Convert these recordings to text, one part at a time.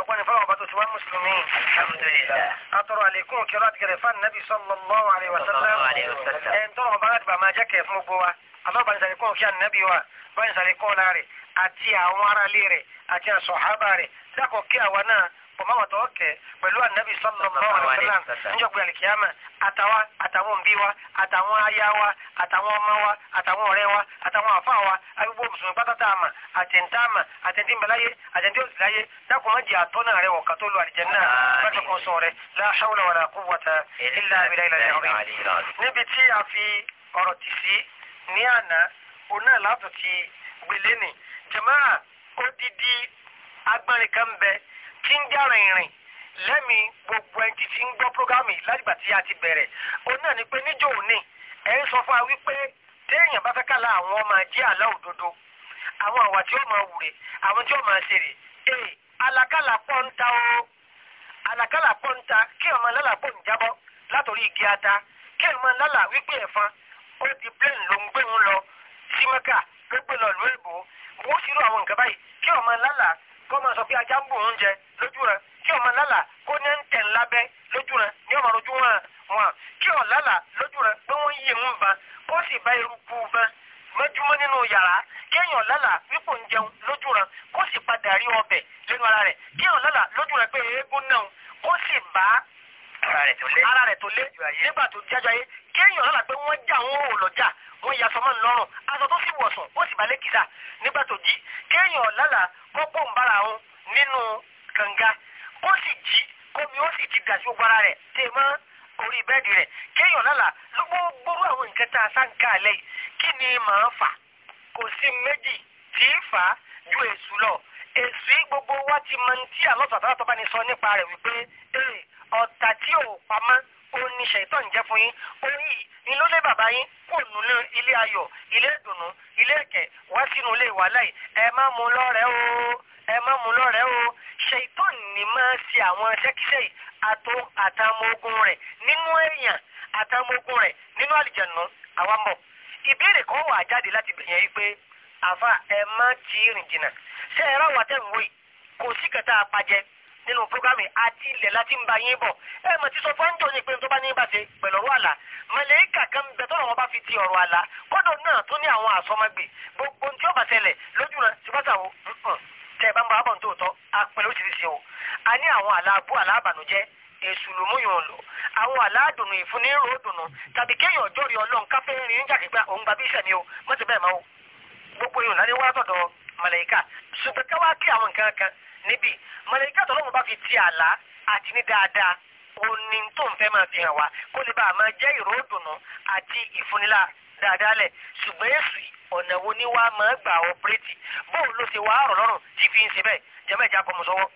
ọgbọ́n ní fọlọ́wọ́ bá tó ti wá mùsùlùmí àtọrọ àlékún kẹrọ àti kẹrẹ fún nàbì sallallahu alaihi wasallam ẹn tọrọ ọba láti bàmá jẹkẹ fún gbogbo wa àlọ́ bá ń sàlékún kí ànábì wa bá ń sàlékún láre àti àwọn aráalé rẹ̀ àti àṣọ̀hábà rẹ̀ dákọ̀ kí àwa náà ọmọ tó kẹ pẹ̀lú ànábì sallallahu alaihi wasallam níjọ́ pé àlìkíyàmà àtàwa àtàwọn òbí wa àtàwọn aya wa àtàwọn ọmọ wa àtàwọn ọ̀rẹ́ wa àtàwọn àfa wa agbègbè mùsùlùmí pátátá àmà àtẹ̀ntà àmà àtẹ̀ntìmbàláyé àtẹ̀ntìmbàláyé dákun má jẹ́ àtọ́nà rẹ ọ̀kà tó lu àlìjẹ́nà bàtà kan sọ rẹ la hawla wala quwwata illa billahi níbi tí a fi ọ̀rọ̀ tì sí ní àná òun náà látò ti gbélé ni jàmáà odidi agbárin kan bẹ́ẹ̀ tí ń já rìnrìn lẹ́mi gbogbo ẹni tí ti ń gbọ́ prógámù yìí látìgbà tí a ti bẹ̀rẹ̀ òun náà ni pé níjọ́ òní ẹ̀ ń sọ fún wa wípé téèyàn bá fẹ́ kálá àwọn ọmọ jẹ́ àlá òdodo àwọn àwà tí ó máa wùrè àwọn tí ó máa ṣeré ee eh, alakala pọ́ńta o alakala pọ́ńta kí ọmọ lálà pọ̀ ń jábọ́ látòrí igi ata kí ọmọ lálà wípé ẹ̀fọn ó di plane ló ń gbé wọn lọ sí mẹ́kà ló gbé lọ lóòbó wọ́n ṣírò àwọn nǹkan báyìí kí ọmọ lálà kọ́ máa sọ pé ajá ń bò ń jẹ lójú rẹ kí ọmọ lálà kó ní ń tẹ̀ ń lábẹ́ lójú rẹ ní ọmọ lójú wọn wọn kí ọ̀ lálà lójú rẹ pé wọ́n yí ìhun ban kó sì bá eruku ban mọ́júmọ́ nínú yàrá kéèyàn lálà wípò ń jẹun lójú rẹ kó sì padà rí ọbẹ̀ lẹ́nu ara rẹ̀ kéèyàn lálà lójú rẹ pé eégún náà kó sì bá ara rẹ̀ tó lé nígbà tó jájọ ayé kéèyàn lọ́la pé wọ́n já wọn ò lọ́jà wọ́n ya sọmọ́ ńlọ́rùn aṣọ tó sì wọ̀sùn ó sì balẹ̀ kìsà nígbà tó jí kéèyàn lọ́la kọ́pọ̀ ń bára wọn nínú kànga kó sì jí kómi ó sì ti dà sí gbára rẹ̀ tẹ̀ mọ́ orí bẹ́ẹ̀dì rẹ̀ kéèyàn lọ́la ló gbogbo àwọn nǹkan tá a sá ń ká alẹ́ yìí kí ni màá fà kò sí méjì tí ń fà á ju èṣù lọ èṣù yìí gbogbo wa ti mọ ní tí àlọ́ tàbí àtọ́bánisọ nípa rẹ̀ ó ní ṣètò ń jẹ́ fún yín orí yìí ló lé bàbá yín kò nù ní ilé ayọ̀ ilé ìdùnnú ilé ẹ̀kẹ́ wá sínú ilé ìwàlá yìí ẹ má mú lọ́rẹ̀ o ẹ má mú lọ́rẹ̀ o ṣètò ní máa ṣe àwọn ṣẹ́kíṣẹ́ yìí àtò àtàmógún rẹ̀ nínú èèyàn àtàmógún rẹ̀ nínú àlìjẹ̀nù àwa mọ̀ ìbéèrè kan wà jáde láti bẹ̀yẹ̀ yìí pé àfa ẹ má ti rìn jìnnà ṣé ẹ ráwọ̀ àtẹ̀wò yìí kò sí kẹta apajẹ́ nínú programme àti ilẹ̀ láti ń ba yín bọ̀ ẹ mọ̀ ti sọ fọ́ńjọ ni pé tó bá ní bá ṣe pẹ̀lú ọ̀rọ̀ àlà mọ̀lẹ́kà kan bẹ tọ́lọ̀ wọn bá fi ti ọ̀rọ̀ àlà kọ́dọ̀ náà tó ní àwọn àsọmọgbè gbogbo tí ó bá ṣẹlẹ̀ lójú náà ti bá ṣàwọ̀ tẹ̀ bá ń bá bọ̀ ní tòótọ́ apẹ̀lẹ́ òṣìṣẹ́ o a ní àwọn àlà abú àlà àbànújẹ́ èṣù ló mú yòó lò àwọn àládùnnú ìfúnni ròódùnnú tàbí kéèyàn ọjọ́ rí ọlọ́run ká fẹ́ rìn níjà kígbà òun gba bí iṣẹ́ o mọ́tò bẹ́ẹ̀ máa o gbogbo yòó náà ni wọ́n á ṣùgbọ́n ká kí àwọn nǹkan kan níbí mọ̀lẹ́kí àtọ́lọ́wọ́ bá fi ti àlá àti ní dáadáa òní tó ń fẹ́ máa fi hàn wá kó lè bá a máa jẹ́ ìró ìdùnnú àti ìfúnnilá dáadáa lẹ̀ ṣùgbọ́n èsì ọ̀nà wo ni wàá máa gbà ọ̀pẹ́rẹ́tì bóun ló ṣe wàá rọ̀ lọ́rùn tí fi ń ṣe bẹ́ẹ̀ jẹ́mẹ́ ìjà bọ́mu sọ́wọ́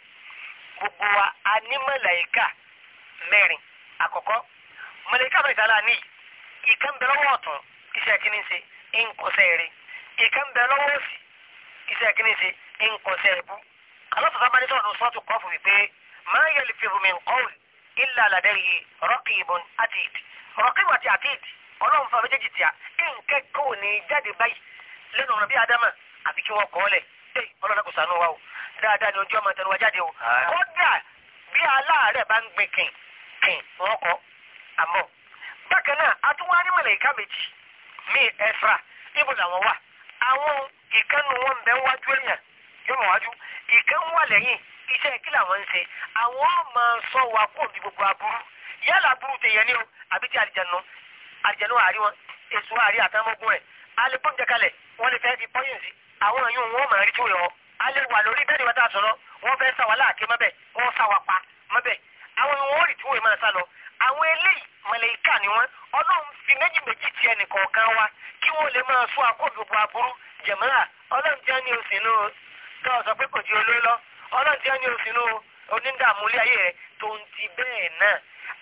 gbogbo wa a ní mọ̀lẹ́kà mẹ́rin àkọ́kọ́ mọ̀lẹ́kà mẹ́ta la ní ìkan bẹ lọ́wọ́ ọ̀tún iṣẹ́ kíní ṣe ń kọsẹ́ rẹ̀ ìkan bẹ lọ́wọ́ òsì iṣẹ́ kíní ṣe ń kọsẹ́ ẹ̀bú alátọ̀sá bá ní sọ̀rọ̀ ní sọ́ọ̀tù kọ́fù wípé máa ń yẹlẹ̀ fihùn mi kọ́ọ̀lù ilà àlàdẹ́rì rọ́kì ìbọn àtìd rọ́kì ìbọn àti àtìd ọlọ́run fa méjèèjì tíya nǹkẹ́ kó o ní jáde báyìí lẹ́nu ọ̀nà bí adama àbí kí wọ́n kọ́ ọ lẹ̀ ẹ ọlọ́run kò sànú wa o dáadáa ni ojú ọmọ tẹnuwa jáde o kódà bí aláàárẹ̀ bá ń gbin kìn kìn wọ́n kọ́ àmọ́ bákan náà atúwárí màláíkà méjì mí ẹ̀fra ibùdó àwọn wà àwọn ìkànnì wọn bẹ́ẹ̀ wájú èèyàn yóò mọ̀ wájú ìkan wà lẹ́yìn iṣẹ́ kí làwọn ń ṣe àwọn máa sọ wa kó bí gbogbo aburú yálà aburú tèèyàn ni o àbí ti àlìjànú àlìjànú àárí wọn èso àárí àtàmọ́gbọ́n ẹ̀ alẹ́ gbọ́njẹ kalẹ̀ wọ́n lè fẹ́ fi pọ́yìn sí àwọn èèyàn wọn máa rí tí ó yọ alẹ́ wà lórí bẹ́ẹ̀ ni wọ́n tà sọ̀rọ̀ wọ́n fẹ́ sàwà láàké mọ́bẹ̀ wọ́n sàwà pa mọ́bẹ̀ àwọn èèyàn wọn rí tí wọ́n máa sá lọ àwọn eléyìí màláíkà ni wọ́n ọlọ́run fi méjì méjì ti ẹnì kọ̀ọ̀kan wa kí wọ́n lè máa sọ àkóbìbọ̀ tó o sọ pé kò di olóyún lọ ọlọ́run ti ẹni òsínú onídààmú ilé ayé rẹ tó ń ti bẹ́ẹ̀ náà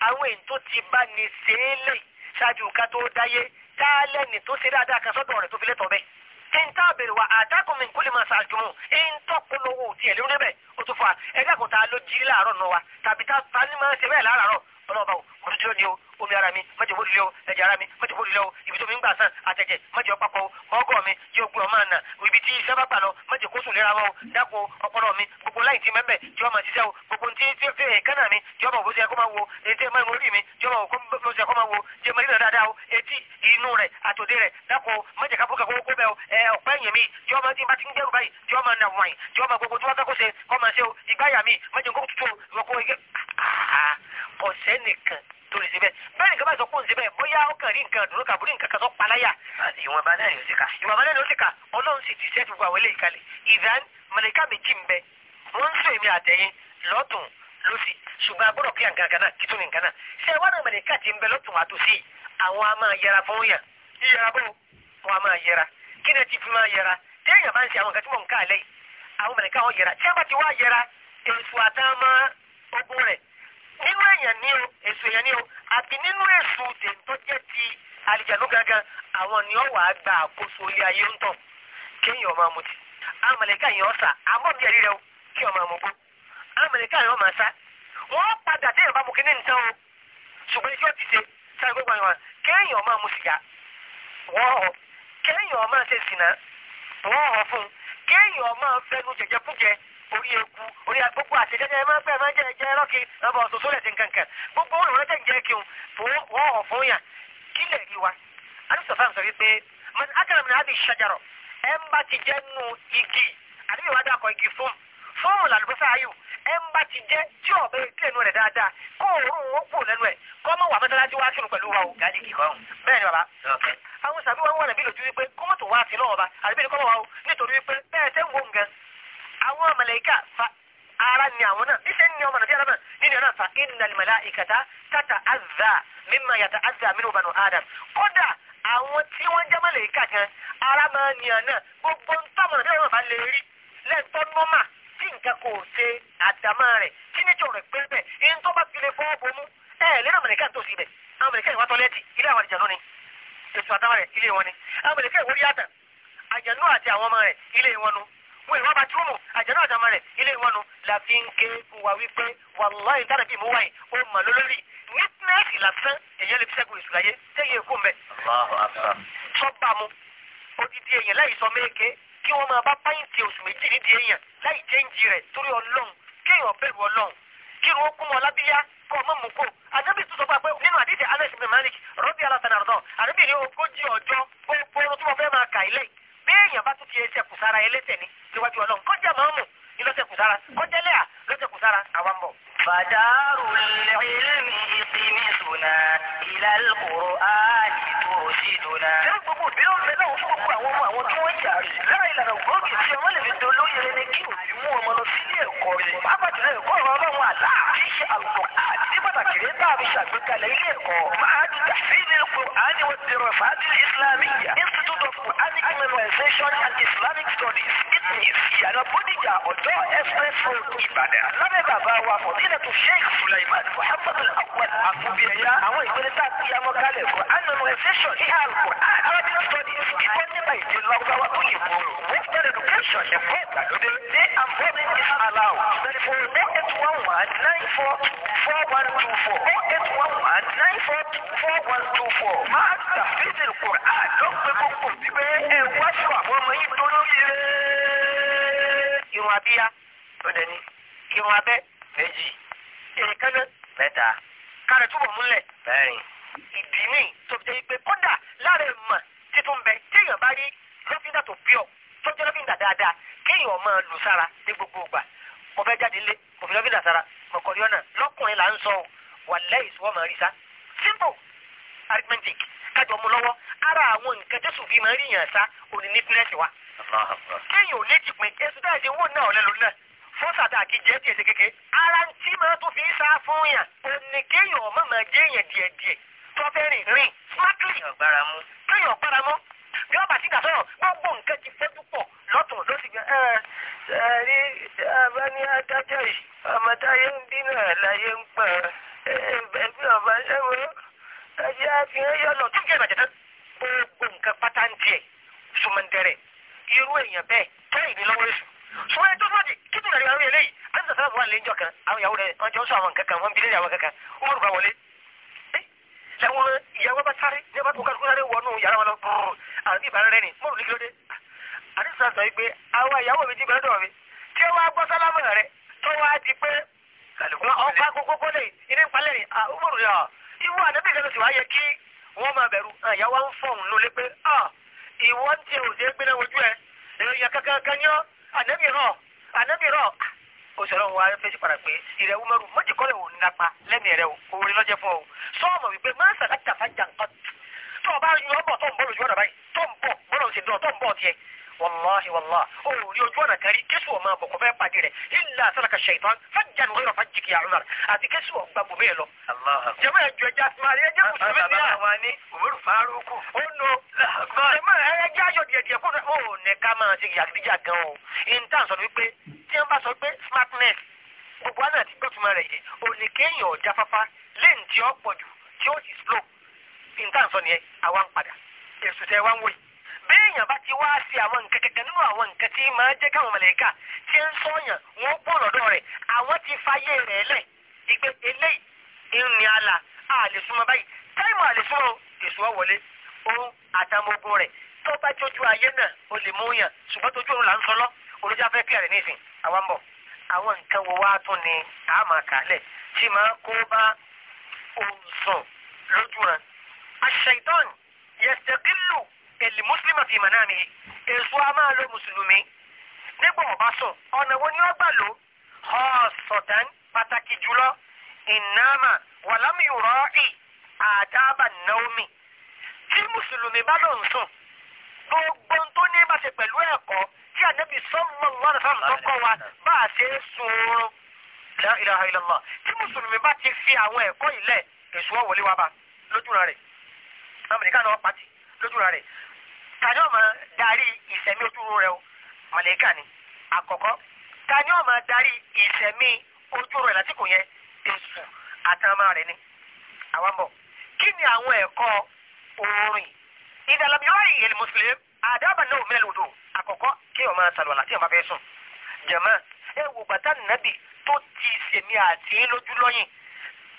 àwọn èyí tó ti bá ní sèélè ṣáájú ká tó dáyé tá a lẹ́ni tó ṣe dáadáa kan sọ́dọ̀ rẹ̀ tó fi lẹ́tọ̀ọ́ bẹ́ẹ̀ tẹ́ńtà bèrè wa àdákùnmí kúlì máa ṣàjùmọ̀ ń tọ́pọ̀lọ́wọ́ òtí ẹ̀ lórí bẹ́ẹ̀ ó tún fà ẹ̀dá kan tá a ló jírí láàárọ̀ náà wa tàbí tá a ní máa ṣe bẹ́ẹ̀ láàárọ̀ ọlọ́ọ̀bá dúró di o omi ara mi mọ́jọ bó lulẹ̀ o ẹ̀jẹ̀ ara mi mọ́jọ bó lulẹ̀ o ibi tó mi ń gbà sàn àtẹ̀jẹ̀ mọ́jọ papọ̀ o ọgọ́ mi tí ogun ọmọ àná ibi tí iṣẹ́ bá gbà lọ mọ́jọ kó sùn lera wọn o dáko ọpọlọ mi gbogbo láì ti mẹ́mẹ́ tí ọmọ ṣiṣẹ́ o gbogbo tí fi kánà mi tí ọmọ òbó kó máa wo etí ẹ̀ mọ́ orí mi tí ọmọ òbó kó máa wo tí ẹmọ ìrìnà dáadáa o etí inú rẹ̀ àtòdé rẹ̀ dáko mọ́jọ ká fún kakó ọ̀sẹ̀ nìkan tó lè ṣe bẹ́ẹ̀ bẹ́ẹ̀ nìkan bá sọ pé ó ń ṣe bẹ́ẹ̀ bóyá ó kàn rí nǹkan dúró kàbó rí nǹkan kan tó paláyà. ìwọ̀nba náà ni ó ti kà. ìwọ̀nba náà ni ó ti kà ọlọ́run sì ti sẹ́ẹ̀tì gbogbo àwọn eléyìí kalẹ̀ ìdán mọ̀lẹ́ká méjì ń bẹ wọ́n ń sọ èmi àtẹ̀yìn lọ́tùn lọ́sì ṣùgbọ́n agbọ́dọ̀ kí àǹkan náà kí nǹkan náà ṣé wọ́n náà mọ̀lẹ́ká ti ń lọ́tùn àtòsí àwọn a máa yẹra fún yàn yíyẹra bó wọn a máa yẹra kí ni ti fi máa yẹra téèyàn bá ń ṣe àwọn nǹkan tí mò ń ká àlẹ́ yìí àwọn mọ̀lẹ́ká wọn yẹra tí wọ́n ti wá yẹra èso àtàwọn ọgbọ́n rẹ̀ nínú èèyàn ní o èso èèyàn ní o àbí nínú èso tètò jẹ́ ti àlìjànú gangan àwọn ni ó wà á gba àkóso ilé ayé ń tọ̀ kéèyàn máa mutí amẹ̀lẹ́kà yẹn ọ̀sà àmọ́ bí ẹ̀rí rẹ o kí ọmọ àmọ́gbó amẹ̀lẹ́kà yẹn ọmọ sá wọ́n padà téèyàn bá mu kí ní nǹkan o ṣùgbọ́n iṣẹ́ ti ṣe sáré gbogbo àwọn kéèyàn máa mu sìgá wọ́n kéèyàn máa ṣe sìnà wọ́n fún kéèyàn máa fẹnu orí eku orí agbógbó àtẹjẹjẹ ẹ máa pẹ ẹ máa jẹ ẹjẹ ẹrọkì ọba ọsọsọ lẹsẹ nkankan gbogbo wọn lọrọ tẹjẹ kírun fún wọn ọ fún yàn kílẹ̀ rí wa alùsọ̀fà sọ wípé mọ̀n akẹ́rọ̀mù náà bí ṣàjàrọ̀ ẹ ń bá ti jẹ́ nu igi àbíyẹ̀ wá dàkọ̀ igi fún fún làlùbọ́sà ayò ẹ ń bá ti jẹ́ tí ọ̀bẹ kílẹ̀ nu rẹ̀ dáadáa kó òórùn wọn kú lẹ́nu ẹ̀ kọ́ mọ̀ wà mọ́tàlájú wá sínú pẹ̀lú wa o. gáàdì kìkọ́ bẹ́ẹ̀ ni bàbá. àwọn sàbí wọn wà nàbí lòjú wípé kọ́mọ̀tò wá sí lọ́wọ́ bá àbí àwọn màláíkà fa ara ni àwọn náà níṣẹ́ ni ọmọ nàbí ara náà nínú ọ̀nà fa innal malaikata tata'azza mimma yata'azza minhu banu adam kódà àwọn tí wọ́n jẹ́ màláíkà gan ara máa ní ọ̀nà gbogbo ń tọ́ ọmọ nàbí ara náà bá lè rí lẹ́ẹ̀tọ́ nọ́mà tí nǹkan kò ṣe àdámọ́ rẹ̀ tí níjọ rẹ̀ pé bẹ́ẹ̀ ìyẹn tó bá fi lè fọ́ bomú ẹ lẹ́nu màláíkà tó fi bẹ̀ àwọn màláíkà ìwà tọ́lẹ́ẹ̀tì ilé àwọn àjànú wọn ìwọ́n bá tí wọ́n mọ̀ àjẹ́nú àjọmọ rẹ̀ ilé ìwọ́nu la fi ń ké fún wa wípé wàláì dára bíi mú wáyé ó mà lólórí nítínẹ́ẹ̀sì lásán èèyàn lè fi sẹ́gun ìsúláyé tẹ́yẹ èkó mẹ́. sọ́ba mu odidi èèyàn láì sọ méèké kí wọ́n máa bá pàyìntì oṣù méjì nídìí èèyàn láì jẹ́ǹjì rẹ̀ torí ọlọ́run kéèyàn bẹ̀rù ọlọ́run kí ni ó kún wọn lábíyá kọ́ ọmọ mú kó ànábì tó sọ pé pé nínú àdídì Anas bin Malik rọ́bì alátànàrọ́dọ̀ ànábì ní ogójì ọjọ́ gbogbo ohun tí wọ́n fẹ́ máa kà ilé bí èèyàn bá tún ti ẹsẹ̀ kùsára ẹlẹ́sẹ̀ ni síwájú ọlọ́run kọjá mọ́mù ní lọ́sẹ̀ sára kọjá lẹ́à lọ́sẹ̀ kù sára àwa mọ̀. fàdárù lẹ́yìn ìsinmi sùnà ìlàlùkòrò áàlì tó sì dùnà. ṣé gbogbo bí ó náà fún gbogbo àwọn ọmọ àwọn tí wọ́n jà rí lára ìlànà gbòógì tí ọmọ lè fi do lóye ni kí òbí mú ọmọ lọ sí ilé ẹ̀kọ́ rẹ pàápàá jùlọ ẹ̀kọ́ ọ̀rọ̀ ọlọ́run àlá kì í ṣe àlùkò àti Institute of Quranic Memorization and Islamic Studies ìyànà bódìjà ọ̀dọ́ express road ìbàdàn lábẹ́ bàbá wa fọ̀tílẹ̀ tó sheikh suleiman muhammad awal àfúbíẹ̀yà àwọn ìpele tá a ti yamọ́ kalẹ̀ fún anonymization e ní àlùkò arabic studies kíkọ́ nípa èdè lọ́gbàwá tó yẹ kúrò western education ẹ̀kọ́ ìgbàlódé day and morning is allowed eight one one nine four four one two four máa tàfíìsì kùrán lọ́pẹ́ gbogbo bíbẹ́ ẹ wá sọ àwọn ọmọ yìí tó lórí rẹ̀. irun abíyá ló dẹni irun abẹ́ méjì èékánná mẹ́ta kára túbọ̀ múlẹ̀ mẹ́rin ìdí ní tó fi jẹ́ pé kódà lára ẹ̀ mọ̀ títún bẹ téèyàn bá rí lọ́fíńdà tó pure tó jẹ́ lọ́fíńdà dáadáa kéèyàn lọ́kùnrin là ń sọ ọ́ wàlẹ́yìí sọ máa rí sá simple arithmetic kájọ mu lọ́wọ́ ara àwọn nǹkan jésù fi máa rí yàn sá òní neatness wa. kéèyàn ò létí pé èso dáa ìdí wọn náà ọ̀lẹ́ lónìí náà fọ́sà tá a jẹ́ tiẹ̀ kékeré ara ń tí máa tó fi ń sá fún yàn òní kéèyàn ọmọ máa jẹ́ yàn díẹ̀díẹ̀ tọ́fẹ́ rìn smartly. kéèyàn gbára bí ọba ti gbà sọ̀rọ̀ gbogbo nǹkan ti fẹ́ púpọ̀ lọ́tọ̀ ló ti gbà ẹ ẹ rí ọba ní adájọ́ yìí ọmọ táyé ń bínú ẹ̀ láyé ń pẹ̀ ẹbí ọba ṣẹ́wọ́ ẹjẹ́ àfihàn yọ̀nà tó jẹ́ ìbàjẹ́ tán gbogbo nǹkan pátá ń tiẹ̀ sumandẹrẹ irú èèyàn bẹ́ẹ̀ tó ìní lọ́wọ́ èṣù ṣùgbọ́n ẹjọ́ sọ́ọ̀dì kí ni ìrìn àwọn eléyìí àti sàtàlà wà lẹ́jọ́ kan àwọn ìyàwó rẹ̀ ọjọ́ sọ àwọn kankan wọn bí lẹ́yìn àwọn kankan ó mọ̀rùkà làwọn ìyàwó bá sáré ní ọba tó kálukú sáré wọnú yàrá wọn lọ bùrù àti ìbára rẹ ni mọ́rù ní kílódé àti sàn sọ pé àwa ìyàwó mi ti bẹ̀rẹ̀ dọ̀ mi tí ó wá gbọ́ sálámù rẹ tó wá di pé ọkọ̀ agogo kọ́lé ilé ìpalẹ̀ ni mọ́rù yà ìwọ àdébí ìkànnì sì wá yẹ kí wọ́n máa bẹ̀rù ìyàwó ń fọ̀n lólé pé ìwọ ń tiẹ̀ òjé gbéná wojú ẹ̀ èèyàn kankan kan yọ àdébí rọ̀ àdébí rọ̀ oṣù ọlọ́run wa fèsì padà pé ìrẹ̀ umaru mọ́jìkọ́lẹ̀ ò napa lẹ́mìí rẹ̀ o orí lọ́jẹ́ fún ọ sọ́ọ̀mọ̀ wípé máa ń sàlájà fàjà tó o bá yan ọbọ̀ tó ń bọ̀ lójú ọ̀nà báyìí tó ń bọ̀ bọ́lọ̀ ṣe dán tó ń bọ̀ tiẹ̀ wàláhi wàlá o ò rí ojú ọ̀nà kan rí késù ọmọ àbọ̀ kò fẹ́ pàdé rẹ̀ ilà sálàkà ṣèitán fàjà ní ọ̀rọ̀ fàjì àti késù ọgbà bùnmí ẹ̀ lọ. jẹ́mọ̀ ẹ̀jọ̀ ẹja màrí ẹjẹ́ mùsùlùmí ni à. àbàbà ni òmùrù fàárùkù. ó nọ jẹ́mọ̀ ẹ̀jẹ̀ ayọ̀ díẹ̀díẹ̀ kó o nẹ̀ka máa ti yàgídíjà gan o. ìntàn sọ wípé tí wọ́n bá sọ pé smartness gbogbo àná àti gbọ́tùmọ̀ rẹ̀ yìí òní kéèyàn ọ̀já fáfá lẹ́yìn tí ó pọ̀ jù tí ó sì slow intanso nìyẹn àwa ń padà èsù tẹ wá ń wòye béèyàn bá ti wá sí àwọn nǹkan kẹkẹ nínú àwọn nǹkan tí máa jẹ́ káwọn mọ̀lẹ́kà tí ń sọ̀yàn wọ́n pọ̀ lọ́dọ̀ rẹ̀ àwọn ti fayé rẹ̀ lẹ̀ ìgbé eléyìí ń ní àlà àlè súnmọ́ báyìí táìmù àlè súnmọ́ èsù ọ̀ wọlé òun àtàmógún rẹ̀ tó bá jójú ó lè àwa ń bọ̀ àwọn nǹkan wo wá tún ni a máa kà lẹ̀ tí máa kó bá òǹsùn lójú rẹ̀. aṣèitán yẹsẹ̀gílù èlì mùsùlùmí fi mọ̀ náà mi èso a máa lo mùsùlùmí nígbà ọba sùn ọ̀nà wo ni wọ́n gbà lò ọ́ sọ̀tàn pàtàkì jùlọ ìnáàmà wàlámìíràn ì àdábà naomi tí mùsùlùmí bá lọ ń sùn gbogbo tó ní bá ṣe pẹ̀lú ẹ̀kọ́ tí ànábì sallallahu alaihi wasallam tó kọ́ wa bá a ṣe é sùn la ilaha illallah tí mùsùlùmí bá ti fi àwọn ẹ̀kọ́ ilẹ̀ èso wọlé wa bá lójúra rẹ̀ amẹ̀ríkà náà pàtì lójúra rẹ̀ tani ọmọ darí ìsẹ̀mí ojúru rẹ̀ o màlẹ́kà ni àkọ́kọ́ tani ọmọ darí ìsẹ̀mí mùsùlùmí àdábà náà mẹ́lẹ̀ odò àkọ́kọ́ kí ọmọ sàlùwàlà tí ọmọ fẹ́ sùn jẹ̀mọ́ ẹ wò bàtà nàbì tó ti sèmi àti lójú lọ́yìn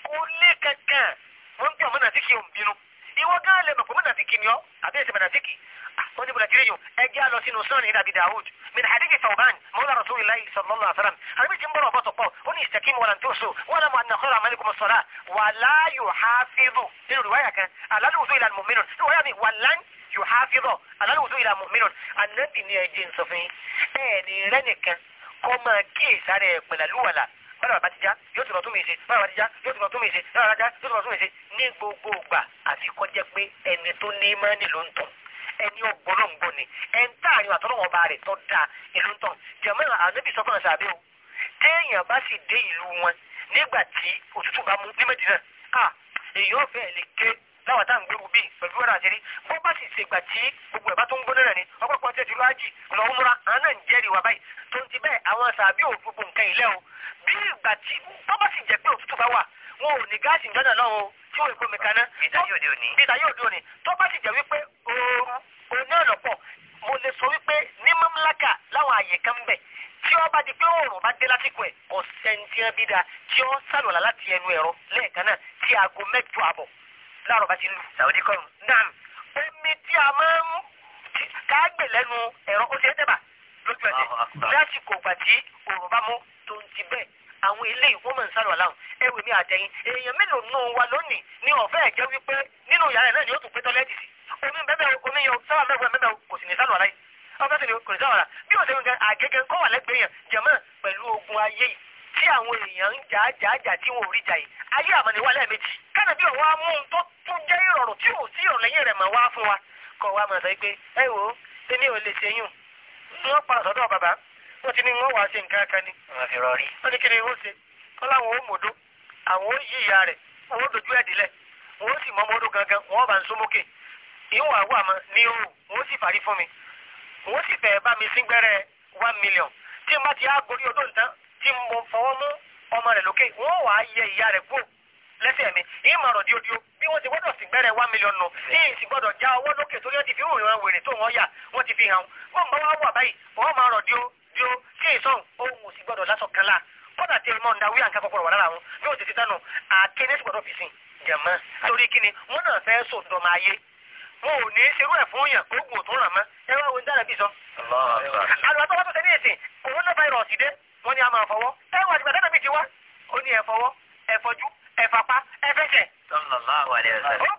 kó lé kankan wọ́n ń bí ọmọ nàdíkì òun bínú ìwọ gán lè mọ̀ pé mọ̀ nàdíkì ni ọ́ àbí ẹ̀sẹ̀ mọ̀ nàdíkì قلت بلاتيريو اجي على سينو سنن ابي داوود من حديث ثوبان مولى رسول الله صلى الله عليه وسلم هل بيجي مره بطو بو ان يستقيم ولا تنسوا ولا ان خير عملكم الصلاه ولا يحافظ دي روايه كان على الوضوء الى المؤمنون روايه بي ولا يحافظ على الوضوء الى المؤمنون النبي ني اجي نسفين اي ني رنكن كما كي ساري بلالولا bára bá ti já yóò tún lọ tún mi ṣe bára bá ti já yóò tún lọ tún mi ṣe bára bá ti já yóò tún lọ tún mi ṣe ní gbogbo ìgbà àfi kó jẹ́ pé ẹni tó ní mọ́ni ló ń tún ẹni ọgbọ́nọ̀gbọ́ ni ẹni tá àríwá tọ́lọ́wọ́ bá rẹ̀ tọ́ da ìlú tán jẹ̀mọ́ ànábì sọ fún àṣàbí o téèyàn bá sì dé ìlú wọn nígbà tí òtútù bá mú ní Mẹ́dínà à èyí ò fẹ́ lè ké láwọn táwọn gbé rubí pẹ̀lú ọ̀rọ̀ àṣírí bó bá sì ṣègbà tí gbogbo ẹ̀bá tó ń gbóná rẹ̀ ni ọgbà kan tẹ̀ ti lọ́ àjì lọ múra àwọn náà ń jẹ́rìí wà báyìí tó ń ti bẹ́ẹ̀ àwọn sàbí òfin gbòǹkà ilẹ̀ o bí ìgbà tí bó bá sì jẹ́ pé òtútù bá wà wọn ò ní gáàsì ìjọ́nà náà o tí òun ìpomi kaná. bíta yóò di òní. bíta yóò di òní tó bá sì jẹ́ wípé ooru oní ọ̀nà pọ̀ mo lè sọ wípé ní mamlaka láwọn àyè kan ń bẹ tí ó bá di pé oòrùn bá dé lásìkò ẹ̀ ọ̀sẹ̀ntìyàn bí da tí ó sàlọ̀lá láti ẹnu ẹ̀rọ lẹ́ẹ̀kan náà tí aago mẹ́jọ àbọ̀ láàrọ̀ bá ti lù. sàwọ́dí kọ́run. naam omi tí a máa ń káàgbè lẹ́nu ẹ̀rọ àwọn ilé ìwọ́mọ̀ ń sálọ̀ ẹwì mi àtẹ̀yìn èèyàn mélòó nù wa lónìí ní ọ̀fẹ́ ẹ̀jẹ̀ wípé nínú yàrá náà ni ó tún pé tọ́lẹ́tì sí omi bẹ́ẹ̀ omi yọ sábà mẹ́wẹ́ mẹ́wẹ́ kò sì ní sálọ̀ aláì ọ̀fẹ́ sì ni kò ní sálọ̀ alá bí ó ṣe ń àgẹ́gẹ́ kọ́ wà lẹ́gbẹ̀ẹ́ yẹn jẹ̀mọ́ pẹ̀lú ogun ayé yìí tí wọ́n ti ní wọ́n wá ni. wọ́n fi rọrí. wọ́n ní kí ni wọ́n ṣe kọ́ láwọn ó mòdó àwọn ó yí ìyá wọ́n ó dojú gangan wọ́n bá ń súnmọ́kè ìwọ̀n àwọn àmọ́ ní òru wọ́n ó sì fàrí mi wọ́n sì fẹ́ bá mi one million tí n bá ti odó nǹkan tí mo fọwọ́ mú ọmọ rẹ̀ lókè wọ́n wà á yẹ ìyá rẹ̀ kúrò lẹ́sẹ̀ mi ìmọ̀ràn one million nù gbọ́dọ̀ já lókè torí wọ́n ti fi wèrè bí ó ṣe ìsọ̀n ohun òsì gbọ́dọ̀ lásọ̀ kan lá kọ́dà tí ẹ̀mọ́ ǹda wíyà nǹkan kọ́kọ́rọ̀ wà lára wọn bí ó ti ti tánu àkéné sì gbọ́dọ̀ fi sìn jẹ̀mọ́ torí kíni wọn náà fẹ́ sọ dọ̀mọ ayé wọn ò ní ṣerú ẹ̀ fún yàn gbogbo tó ràn mọ́ ẹ wá wọn dára bí sọ. àlọ́ àtọ́wọ́ tó tẹ̀lé èsì corona virus dé wọ́n ní a máa fọwọ́ ẹ wà nígbà tẹ́lẹ̀ mi ti wá ó ní ẹ fọwọ́ ẹ fọjú ẹ fapá ẹ fẹsẹ̀. ó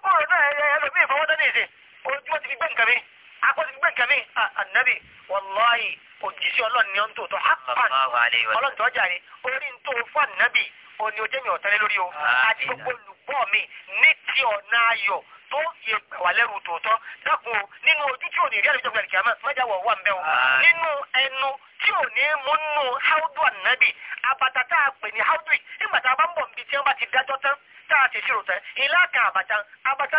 kúrò náà ẹ ẹ lómi ìfọwọ́ tẹ́lẹ̀ èsì ojú ó ti fi gbé nǹkan mi akó ti fi gbé òjíṣẹ́ ọlọ́run ni ó ń tò tó hapan ọlọ́run tó jà ní orí ń tó fún ànábì òní ó jẹ́ mi ọ̀tẹ́lẹ́ lórí o ah. àti gbogbo olùgbọ́ mi ní ti ọ̀nà ayọ̀ tó yẹ wà tòótọ́ dákun o nínú ojú tí ò ní rí àlejò gbẹ̀rẹ̀ kìámà mẹ́jà wọ̀ wà ń bẹ́ o ah. nínú ẹnu tí ò mú nù haudu ànábì àbàtà tá a pè ní haudu yìí nígbà tá a bá ń bọ̀ níbi tí wọ́n bá ti dájọ́ tán tá a ti ṣírò tán ìlà kan àbàtà àbàtà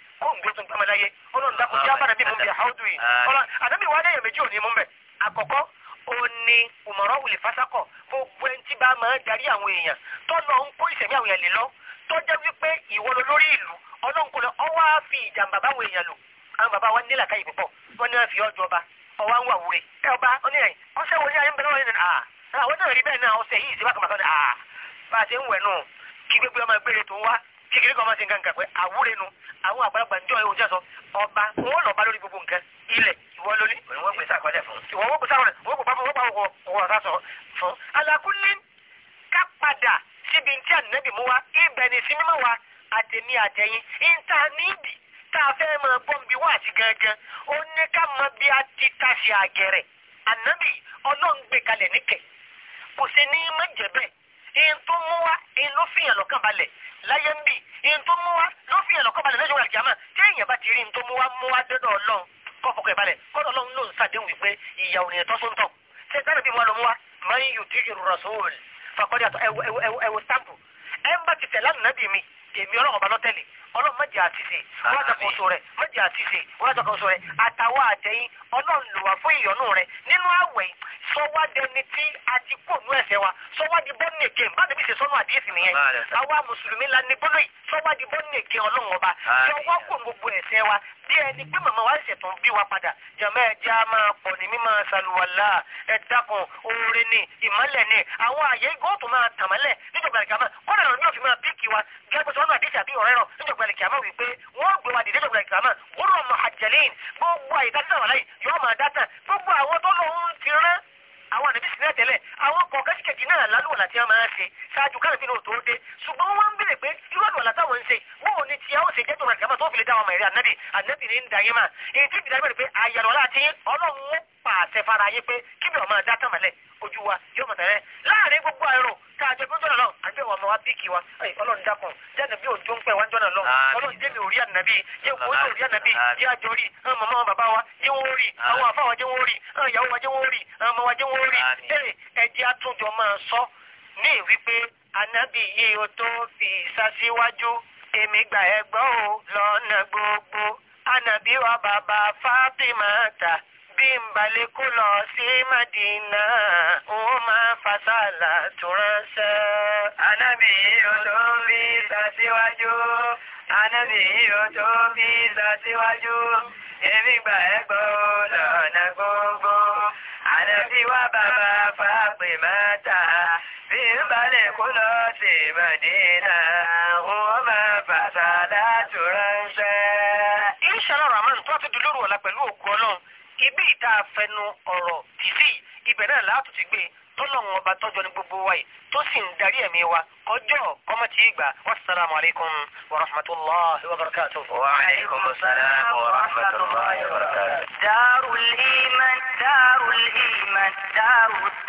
kóun bí ó tún pẹ́mọ́ láyé ọlọ́run dákun ah, jẹ́ abára bí mo bí àhọ́dù yìí ah. ọlọ́run àdábì wa lẹ́yìn méjì òní mú mbẹ́ àkọ́kọ́ ó ní òmọ̀rọ̀ wùlé fásákọ̀ gbogbo ẹni tí bá máa ń darí àwọn èèyàn tó lọ ń kó ìṣẹ̀mí àwọn èèyàn lè lọ tó jẹ́ wípé ìwọ lọ lórí ìlú ọlọ́run kò lọ ọwọ́ á ìjàmbá báwọn èèyàn lò àwọn bàbá wa ní làkàyè púpọ̀ wọ́n ní wọ́n fi ọjọ́ ọba ọwọ́ ń wà wúre ẹ ọba oníyàn ọsẹ wo ní ayé ń bẹ lọ́wọ́ yẹn ah, náà kékeré kan máa ṣe nǹkan kan pé àwúre nu àwọn àgbàlagbà ń jọ ẹ oúnjẹ sọ ọba wọn lọ bá lórí gbogbo nǹkan ilẹ̀ ìwọ lóní. ìwọ wọ́n pèsè àkọọ́lẹ̀ fún. ìwọ wọ́n pèsè àkọọ́lẹ̀ wọ́n kò bá wọ́n bá wọ́n wọ́n ọ̀tá sọ fún. alákùnrin ká padà síbi tí ànábì mú wa ibẹ̀ ni sí mímọ́ wa àtẹ̀mí àtẹ̀yìn ìta níbi tá a fẹ́ mọ bọ́m̀bì wá àti gangan ó ní ká mọ bí a ti ta ṣe àgẹ̀rẹ̀ ànábì ọlọ́ngbẹ̀kalẹ̀ in tó mú wá in ló fìyàn lọ́kàn balẹ̀ láyé ń bì in tó mú wá ló fìyàn lọ́kàn balẹ̀ lọ́jọ́ àjàmà tí èèyàn bá ti rí in tó mú wá mú wá dọ́dọ̀ ọlọ́run kọ́fọ́kọ́ ìbalẹ̀ kọ́dọ̀ ọlọ́run ló ń sàdéhùn wípé ìyà ònìyàn tó sóńtọ̀ ṣé dáná bí wọn lọ mú wá máa ń yù tí yòrò rọ̀ sóòlù fàkọ́dí èmi ọlọ́run ọba lọ́tẹ̀lẹ̀ ọlọ́run má jẹ́ àtìsè wọ́n àtàkùn oṣù rẹ̀ má jẹ́ àtìsè wọ́n àtàkùn oṣù rẹ̀ àtàwọn àtẹ̀yìn ọlọ́run lò wá fún ìyọ́nú rẹ̀ nínú àwẹ̀ sọ́wádẹni tí a ti kó nú ẹ̀sẹ̀ wa sọ́wádìí bọ́ọ̀nì èké báyìí bí ṣe sọ́nù àdéhìsì nìyẹn àwa mùsùlùmí la ní bọ́lọ̀ yìí sọ́wádìí bọ́ọ̀nì èké ọlọ́run ọba sọ́wọ́ kò gbogbo ẹ̀sẹ̀ wa bí ẹni pé màmá wa ṣẹ̀tọ̀ ń bí wa padà jàmẹ́ ẹja máa pọ̀ ní mímọ́ ṣàlùwàlá ẹ dákun oore ni ìmọ́lẹ̀ ni àwọn àyè ìgò tó máa tàmọ́lẹ̀ nígbà gbàgbà kọ́nà ní òfin máa píkì wa gẹ́gbẹ́sọ sọ́nà àdéṣe àbí ọ̀rẹ́ rọ̀ níjọ̀gbẹ́lẹ̀ kìámà wípé wọ́n gbé wa dìde níjọ̀gbẹ́lẹ̀ kìámà wúrọ̀ ọmọ àjẹlẹ́yìn gbogbo àyíkáṣẹ́ wà láyìí yóò máa dátà gbogbo àwọn tó lọ ń ti rán àwọn àdébí sí náà tẹ́lẹ̀ àwọn kọ̀ọ̀kan sí kẹ̀kì náà lálùwà láti wọn máa ń ṣe ṣáájú káàfin náà tó dé ṣùgbọ́n wọ́n ń bèrè pé tíwádùn àlá táwọn ń ṣe bóun ni tí a ó ṣe jẹ́jọ́ rẹ̀ kẹ́mọ́ tó fi lè dá àwọn ọmọ ẹ̀rẹ́ ànábì ànábì ní ń da yín mà èyí tí ìdílé bẹ̀rẹ̀ pé àyàrọ̀ láti yín ọlọ́run ó pàṣẹ fara yín wa bí kí wa ọlọ́run dákun jẹ́ ànàbí òjò ń pẹ́ wájú ọ̀nà lọ ọlọ́run jẹ́ mi ò rí ànàbí jẹ́ òun ò rí ànàbí jẹ́ àjọ rí àwọn màmá wọn bàbá wa jẹ́ wọ́n rí àwọn àfa wa jẹ́ wọ́n rí àwọn ìyàwó wa jẹ́ wọ́n rí àwọn ọmọ wa jẹ́ wọ́n rí ẹ̀jẹ̀ àtúnjọ máa sọ ní wípé ànàbí yìí o tó fi ìsásíwájú èmi gbà ẹ̀gbọ́n wa bàbá Fátímà ta bí n balẹ̀ kó lọ sí Màdínà ó máa fàtàlà tó ránṣẹ́. Ànábì yìí ó tó ń bí ìsàsíwájú. Ànábì yìí ó tó ń bí ìsàsíwájú. Èmi gbà ẹ́ gbọ́ lọ́nà gbogbo. Ànábì wá bàbá fàápè mọ́ta. Bí n balẹ̀ kó lọ sí Màdínà ó máa fàtàlà tó ránṣẹ́. Inshallah Rahman tó a ti dùn lóru ọ̀la pẹ̀lú òkú ọlọ́run ibi ìta afẹnu ọ̀rọ̀ tìsí ibẹ̀ náà láàtú ti gbé tọ́lọ́run ọba tọ́jọ́ ní gbogbo wa yìí tó sì ń darí ẹ̀mí wa kọjọ́ kọ́mọ tí wasalaamu alaykum wa rahmatulahi wa barakatu. wa aleykum salaam wa rahmatulahi wa barakatu. daarul iman daarul iman daarul.